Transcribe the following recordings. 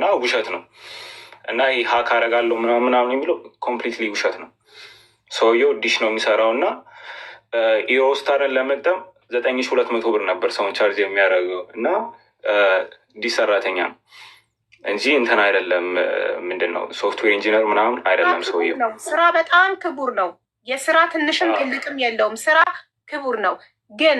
እና ውሸት ነው እና ይህ ሀክ አደርጋለሁ ምናምን የሚለው ኮምፕሊትሊ ውሸት ነው። ሰውየው ዲሽ ነው የሚሰራው እና ኢሮስታርን ለመጠም ዘጠኝ ሺህ ሁለት መቶ ብር ነበር ሰውን ቻርጅ የሚያደርገው እና ዲሽ ሰራተኛ ነው እንጂ እንትን አይደለም። ምንድን ነው ሶፍትዌር ኢንጂነር ምናምን አይደለም። ሰውየው ስራ በጣም ክቡር ነው። የስራ ትንሽም ትልቅም የለውም። ስራ ክቡር ነው። ግን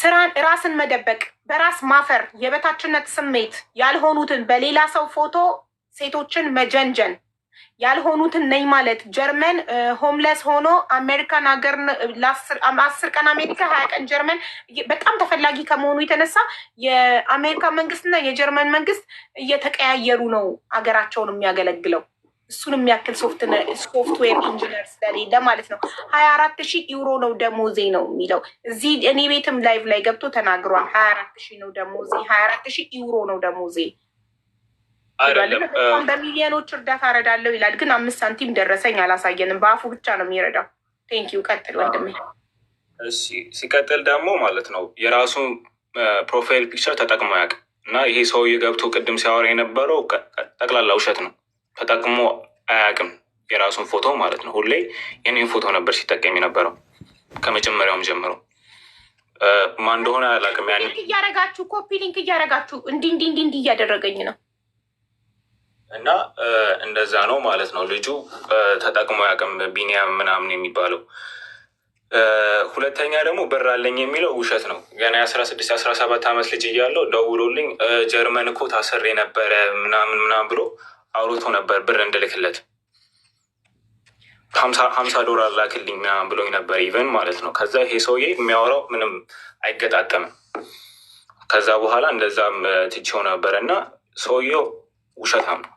ስራን ራስን መደበቅ በራስ ማፈር፣ የበታችነት ስሜት ያልሆኑትን በሌላ ሰው ፎቶ ሴቶችን መጀንጀን ያልሆኑትን ነኝ ማለት ጀርመን ሆምለስ ሆኖ አሜሪካን ሀገር አስር ቀን አሜሪካ ሀያ ቀን ጀርመን በጣም ተፈላጊ ከመሆኑ የተነሳ የአሜሪካ መንግስትና የጀርመን መንግስት እየተቀያየሩ ነው ሀገራቸውን የሚያገለግለው። እሱን የሚያክል ሶፍትዌር ኢንጂነር ስለሌለ ማለት ነው። ሀያ አራት ሺህ ዩሮ ነው ደሞዜ ነው የሚለው እዚህ እኔ ቤትም ላይቭ ላይ ገብቶ ተናግሯል። ሀያ አራት ሺህ ነው ደሞዜ፣ ሀያ አራት ሺህ ዩሮ ነው ደሞዜ። በሚሊዮኖች እርዳታ እረዳለሁ ይላል፣ ግን አምስት ሳንቲም ደረሰኝ አላሳየንም። በአፉ ብቻ ነው የሚረዳው። ቴንኪዩ። ቀጥል ወንድሜ። ሲቀጥል ደግሞ ማለት ነው የራሱን ፕሮፋይል ፒክቸር ተጠቅሞ ያውቅ እና ይሄ ሰውዬ ገብቶ ቅድም ሲያወራ የነበረው ጠቅላላ ውሸት ነው። ተጠቅሞ አያውቅም። የራሱን ፎቶ ማለት ነው። ሁሌ የኔን ፎቶ ነበር ሲጠቀም የነበረው ከመጀመሪያውም ጀምሮ። ማን እንደሆነ አላውቅም። ያን እያረጋችሁ ኮፒ ሊንክ እያረጋችሁ እንዲህ እንዲህ እንዲህ እንዲህ እያደረገኝ ነው እና እንደዛ ነው ማለት ነው። ልጁ ተጠቅሞ ያቅም ቢኒያም ምናምን የሚባለው። ሁለተኛ ደግሞ ብር አለኝ የሚለው ውሸት ነው። ገና የአስራ ስድስት የአስራ ሰባት ዓመት ልጅ እያለው ደውሎልኝ ጀርመን እኮ ታስሬ ነበረ ምናምን ምናምን ብሎ አውርቶ ነበር ብር እንድልክለት ሀምሳ ዶላር ላክልኝ ምናምን ብሎኝ ነበር ኢቨን ማለት ነው። ከዛ ይሄ ሰውዬ የሚያወራው ምንም አይገጣጠምም። ከዛ በኋላ እንደዛም ትቼው ነበር እና ሰውየው ውሸታም ነው፣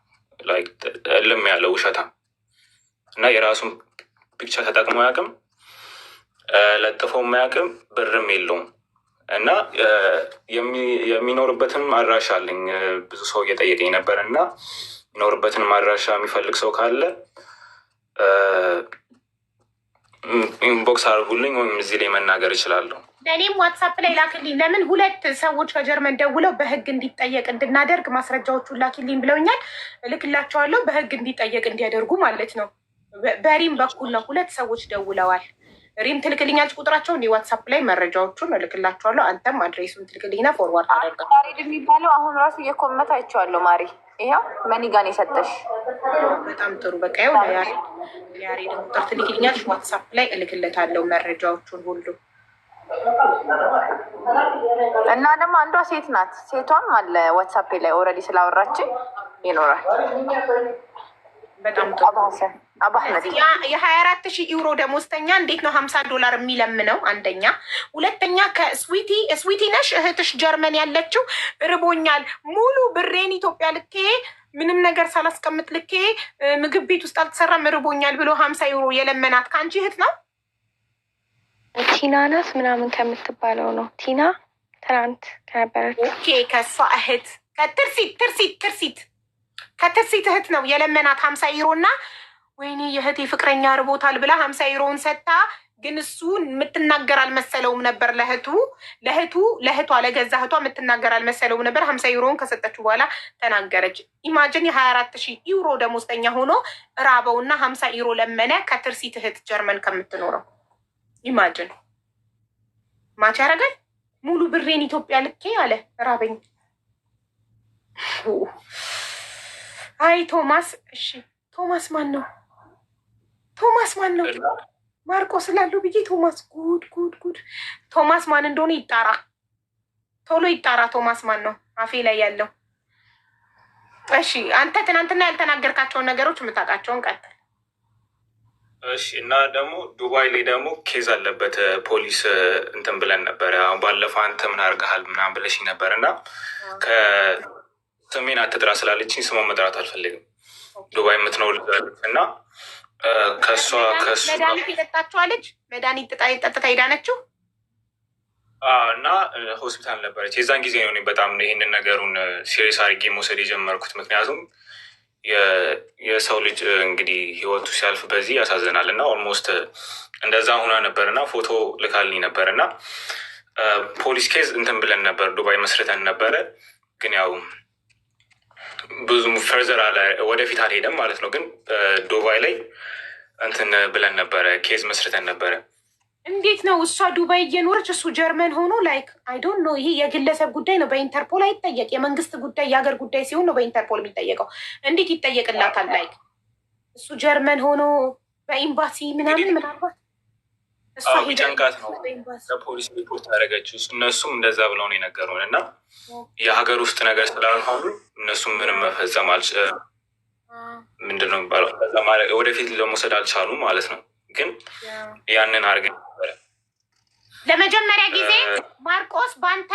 እልም ያለው ውሸታም እና የራሱን ፒክቸር ተጠቅሞ አያውቅም፣ ለጥፎ አያውቅም፣ ብርም የለውም እና የሚኖርበትም አድራሻ አለኝ ብዙ ሰው እየጠየቀኝ ነበር እና የሚኖርበትን ማድራሻ የሚፈልግ ሰው ካለ ኢንቦክስ አርጉልኝ ወይም እዚህ ላይ መናገር ይችላለሁ። ለእኔም ዋትሳፕ ላይ ላክልኝ። ለምን ሁለት ሰዎች ከጀርመን ደውለው በህግ እንዲጠየቅ እንድናደርግ ማስረጃዎቹን ላክልኝ ብለውኛል። እልክላቸዋለሁ። በህግ እንዲጠየቅ እንዲያደርጉ ማለት ነው። በሪም በኩል ነው። ሁለት ሰዎች ደውለዋል። ሪም ትልክልኛለች ቁጥራቸው እንዲ ዋትሳፕ ላይ መረጃዎቹን እልክላቸዋለሁ። አንተም አድሬሱን ትልክልኝና ፎርዋርድ አደርጋለሁ። የሚባለው አሁን ራሱ እየኮመት አይቼዋለሁ ማሪ ይኸው መኒ ጋን የሰጠሽ በጣም ጥሩ። በቃ ያው ያሬ ደግሞ ጥርት ልክልኛለሽ፣ ዋትሳፕ ላይ እልክለታለሁ መረጃዎቹን ሁሉ እና ደግሞ አንዷ ሴት ናት። ሴቷም አለ ዋትሳፕ ላይ ኦልሬዲ ስላወራችን ይኖራል። በጣም ጥሩ የሀያ አራት ሺህ ዩሮ ደሞዝተኛ እንዴት ነው ሀምሳ ዶላር የሚለምነው? አንደኛ። ሁለተኛ ከስዊቲ ስዊቲ ነሽ እህትሽ ጀርመን ያለችው ርቦኛል፣ ሙሉ ብሬን ኢትዮጵያ ልኬ ምንም ነገር ሳላስቀምጥ ልኬ ምግብ ቤት ውስጥ አልተሰራም ርቦኛል ብሎ ሀምሳ ዩሮ የለመናት ከአንቺ እህት ነው ቲና ናት ምናምን ከምትባለው ነው። ቲና ትናንት ከነበረች ከእሷ እህት ከትርሲት ትርሲት ትርሲት ከትርሲት እህት ነው የለመናት ሀምሳ ዩሮ እና ወይኔ የእህቴ ፍቅረኛ ርቦታል ብላ ሀምሳ ዩሮን ሰጥታ ግን እሱ የምትናገር አልመሰለውም ነበር። ለእህቱ ለእህቱ ለእህቷ ለገዛ እህቷ የምትናገር አልመሰለውም ነበር። ሀምሳ ዩሮውን ከሰጠችው በኋላ ተናገረች። ኢማጅን የሀያ አራት ሺህ ዩሮ ደሞዝተኛ ሆኖ ራበውና ሀምሳ ዩሮ ለመነ ከትርሲት እህት ጀርመን ከምትኖረው ኢማጅን ማች ያደርጋል። ሙሉ ብሬን ኢትዮጵያ ልኬ አለ ራበኝ። አይ ቶማስ እሺ ቶማስ ማን ነው? ቶማስ ማን ነው? ማርቆስ ስላለው ብዬ ቶማስ ጉድ ጉድ ጉድ። ቶማስ ማን እንደሆነ ይጣራ፣ ቶሎ ይጣራ። ቶማስ ማን ነው? አፌ ላይ ያለው። እሺ አንተ ትናንትና ያልተናገርካቸውን ነገሮች የምታውቃቸውን ቀጥል። እሺ እና ደግሞ ዱባይ ላይ ደግሞ ኬዝ አለበት ፖሊስ እንትን ብለን ነበረ። አሁን ባለፈው አንተ ምን አድርገሃል ምናምን ብለሽ ነበር እና ከሰሜን አትጥራ ስላለችኝ ስሞ መጥራት አልፈልግም። ዱባይ የምትኖር እና ከሷ ከሱ መድኃኒት የጠጣችኋለች መድኃኒት ጠጥታ ሄዳነችው እና ሆስፒታል ነበረች። የዛን ጊዜ ነው በጣም ይህንን ነገሩን ሲሪየስ አድርጌ መውሰድ የጀመርኩት። ምክንያቱም የሰው ልጅ እንግዲህ ህይወቱ ሲያልፍ በዚህ ያሳዝናል እና ኦልሞስት እንደዛ ሁና ነበር እና ፎቶ ልካልኝ ነበር እና ፖሊስ ኬዝ እንትን ብለን ነበር ዱባይ መስርተን ነበረ ግን ያው ፈርዘር አለ ወደፊት አልሄደም ማለት ነው። ግን ዱባይ ላይ እንትን ብለን ነበረ፣ ኬዝ መስርተን ነበረ። እንዴት ነው እሷ ዱባይ እየኖረች እሱ ጀርመን ሆኖ ላይክ አይ ዶንት ኖ። ይሄ የግለሰብ ጉዳይ ነው፣ በኢንተርፖል አይጠየቅ። የመንግስት ጉዳይ የሀገር ጉዳይ ሲሆን ነው በኢንተርፖል የሚጠየቀው። እንዴት ይጠየቅላታል? ላይክ እሱ ጀርመን ሆኖ በኤምባሲ ምናምን ምናልባት ጨንቃት ነው ለፖሊስ ሪፖርት ያደረገችው። እነሱም እንደዛ ብለው ነው የነገሩን እና የሀገር ውስጥ ነገር ስላልሆኑ እነሱም ምንም መፈጸም ምንድን ነው የሚባለው ወደፊት ለመውሰድ አልቻሉም ማለት ነው። ግን ያንን አድርገን ነበረ ለመጀመሪያ ጊዜ ማርቆስ ባንተ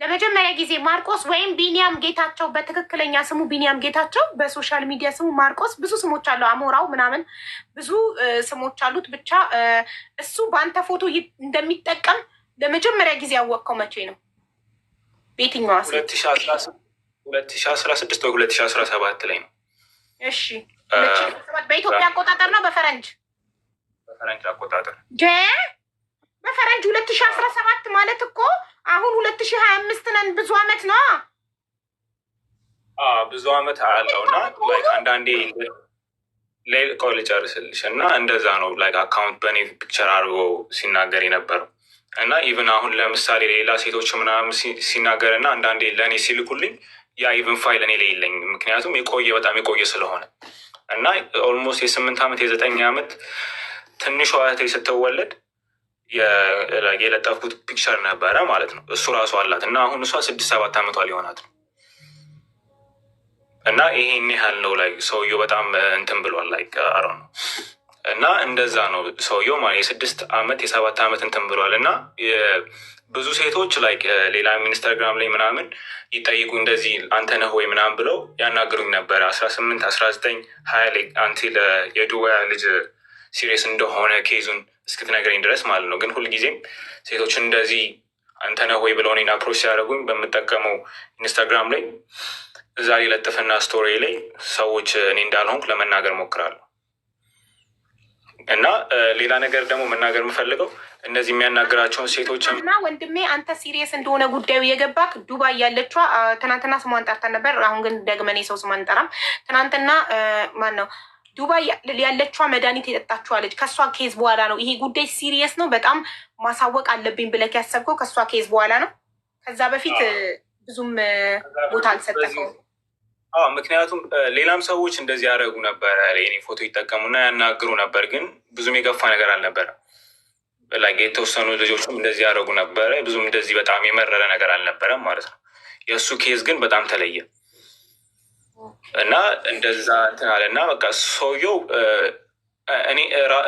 ለመጀመሪያ ጊዜ ማርቆስ ወይም ቢኒያም ጌታቸው በትክክለኛ ስሙ ቢኒያም ጌታቸው፣ በሶሻል ሚዲያ ስሙ ማርቆስ። ብዙ ስሞች አለው፣ አሞራው ምናምን ብዙ ስሞች አሉት። ብቻ እሱ በአንተ ፎቶ እንደሚጠቀም ለመጀመሪያ ጊዜ ያወቅከው መቼ ነው? በየትኛዋ ሴት? ሁለት ሺህ አስራ ስድስት ወይ ሁለት ሺህ አስራ ሰባት ላይ ነው። እሺ በኢትዮጵያ አቆጣጠር ነው በፈረንጅ በፈረንጅ አቆጣጠር በፈረንጅ ሁለት ሺህ አስራ ሰባት ማለት እኮ አሁን ሁለት ሺህ ሀያ አምስት ነን። ብዙ አመት ነው ብዙ አመት አለው አንዳንዴ ቆይ ልጨርስልሽ እና እንደዛ ነው ላይክ አካውንት በእኔ ፒክቸር አድርጎ ሲናገር የነበረው እና ኢቨን አሁን ለምሳሌ ሌላ ሴቶች ምናምን ሲናገር እና አንዳንዴ ለእኔ ሲልኩልኝ ያ ኢቨን ፋይል እኔ ላይ የለኝም። ምክንያቱም የቆየ በጣም የቆየ ስለሆነ እና ኦልሞስት የስምንት ዓመት የዘጠኝ ዓመት ትንሿ እህቴ ስትወለድ የለጠፍኩት ፒክቸር ነበረ ማለት ነው። እሱ ራሱ አላት እና አሁን እሷ ስድስት ሰባት አመቷ ሊሆናት ነው እና ይሄን ያህል ነው ላይ ሰውየው በጣም እንትን ብሏል ላይ አረ ነው እና እንደዛ ነው ሰውየው ማለት የስድስት አመት የሰባት አመት እንትን ብሏል እና ብዙ ሴቶች ላይ ሌላ ኢንስታግራም ላይ ምናምን ይጠይቁ እንደዚህ አንተ ነህ ወይ ምናምን ብለው ያናግሩኝ ነበረ አስራ ስምንት አስራ ዘጠኝ ሀያ ላይ አንቲ የዱባይ ልጅ ሲሪየስ እንደሆነ ኬዙን እስክትነግረኝ ድረስ ማለት ነው። ግን ሁልጊዜም ሴቶች እንደዚህ አንተ ነህ ወይ ብለው እኔን አፕሮች ሲያደርጉኝ በምጠቀመው ኢንስታግራም ላይ እዛ የለጥፍና ስቶሪ ላይ ሰዎች እኔ እንዳልሆንኩ ለመናገር ሞክራለሁ። እና ሌላ ነገር ደግሞ መናገር የምፈልገው እነዚህ የሚያናግራቸውን ሴቶች እና ወንድሜ አንተ ሲሪየስ እንደሆነ ጉዳዩ የገባክ ዱባይ ያለችዋ ትናንትና ስሟን ጠርተን ነበር። አሁን ግን ደግመን የሰው ስም አንጠራም። ትናንትና ማን ነው ዱባይ ያለችዋ መድኃኒት የጠጣችኋለች ከእሷ ኬዝ በኋላ ነው። ይሄ ጉዳይ ሲሪየስ ነው፣ በጣም ማሳወቅ አለብኝ ብለህ ያሰብከው ከእሷ ኬዝ በኋላ ነው። ከዛ በፊት ብዙም ቦታ አልሰጠከው። ምክንያቱም ሌላም ሰዎች እንደዚህ ያደረጉ ነበረ። ኔ ፎቶ ይጠቀሙና ያናግሩ ነበር፣ ግን ብዙም የገፋ ነገር አልነበረም። የተወሰኑ ልጆችም እንደዚህ ያደረጉ ነበረ፣ ብዙም እንደዚህ በጣም የመረረ ነገር አልነበረም ማለት ነው። የእሱ ኬዝ ግን በጣም ተለየ። እና እንደዛ እንትን አለ እና በቃ ሰውየው እኔ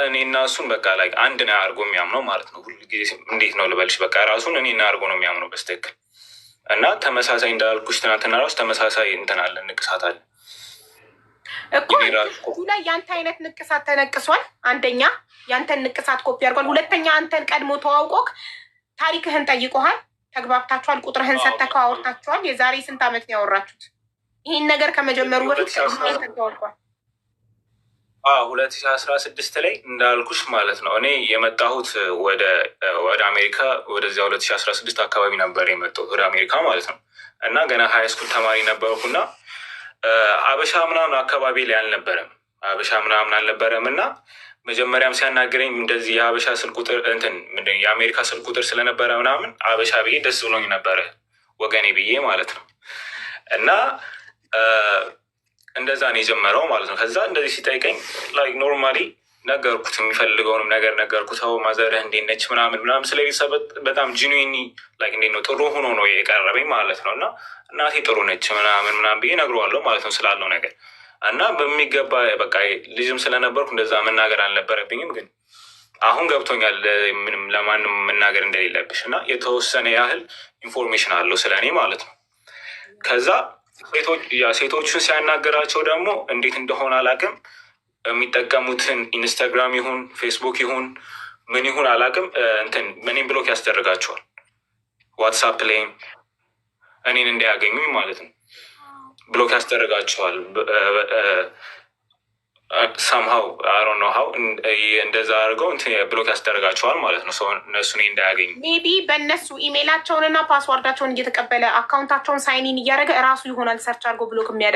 እኔና እሱን በቃ ላይ አንድ ነው አድርጎ የሚያምነው ማለት ነው። ሁልጊዜ እንዴት ነው ልበልሽ፣ በቃ ራሱን እኔና አድርጎ ነው የሚያምነው በስትክክል እና ተመሳሳይ እንዳልኩሽ ትናንትና ራሱ ተመሳሳይ እንትን አለ ንቅሳት አለ እኮ ላይ የአንተ አይነት ንቅሳት ተነቅሷል። አንደኛ የአንተን ንቅሳት ኮፒ አድርጓል። ሁለተኛ አንተን ቀድሞ ተዋውቆክ ታሪክህን ጠይቆሃል። ተግባብታችኋል። ቁጥርህን ሰተከው አውርታችኋል። የዛሬ ስንት ዓመት ነው ያወራችሁት? ይህን ነገር ከመጀመሩ በፊት ሁለት ሺ አስራ ስድስት ላይ እንዳልኩሽ ማለት ነው። እኔ የመጣሁት ወደ አሜሪካ ወደዚያ ሁለት ሺ አስራ ስድስት አካባቢ ነበር የመጣሁት ወደ አሜሪካ ማለት ነው። እና ገና ሀይ ስኩል ተማሪ ነበርኩና አበሻ ምናምን አካባቢ ላይ አልነበረም፣ አበሻ ምናምን አልነበረም። እና መጀመሪያም ሲያናግረኝ እንደዚህ የአበሻ ስልክ ቁጥር እንትን ምንድን የአሜሪካ ስልክ ቁጥር ስለነበረ ምናምን አበሻ ብዬ ደስ ብሎኝ ነበረ፣ ወገኔ ብዬ ማለት ነው እና እንደዛ ነው የጀመረው ማለት ነው። ከዛ እንደዚህ ሲጠይቀኝ ላይክ ኖርማሊ ነገርኩት፣ የሚፈልገውንም ነገር ነገርኩት። ው ማዘርህ እንዴት ነች ምናምን ምናምን ስለ ቤተሰብ በጣም ጂኒኒ ላይክ እንዴት ነው ጥሩ ሆኖ ነው የቀረበኝ ማለት ነው። እና እናቴ ጥሩ ነች ምናምን ምናምን ብዬ ነግረዋለሁ ማለት ነው ስላለው ነገር እና በሚገባ በቃ ልጅም ስለነበርኩ እንደዛ መናገር አልነበረብኝም፣ ግን አሁን ገብቶኛል ምንም ለማንም መናገር እንደሌለብሽ እና የተወሰነ ያህል ኢንፎርሜሽን አለው ስለእኔ ማለት ነው ከዛ ሴቶቹን ሲያናገራቸው ደግሞ እንዴት እንደሆነ አላቅም የሚጠቀሙትን ኢንስታግራም ይሁን ፌስቡክ ይሁን ምን ይሁን አላቅም እንትን እኔን ብሎክ ያስደርጋቸዋል። ዋትሳፕ ላይም እኔን እንዳያገኙኝ ማለት ነው ብሎክ ያስደርጋቸዋል። ሰምሀው አሮ ነው ሀው እንደዛ አድርገው ብሎክ ያስደረጋቸዋል ማለት ነው። ሰው እነሱን እንዳያገኝ ሜቢ በእነሱ ኢሜይላቸውንና ፓስዋርዳቸውን እየተቀበለ አካውንታቸውን ሳይኒን እያደረገ እራሱ ይሆናል ሰርች አድርጎ ብሎክ የሚያደ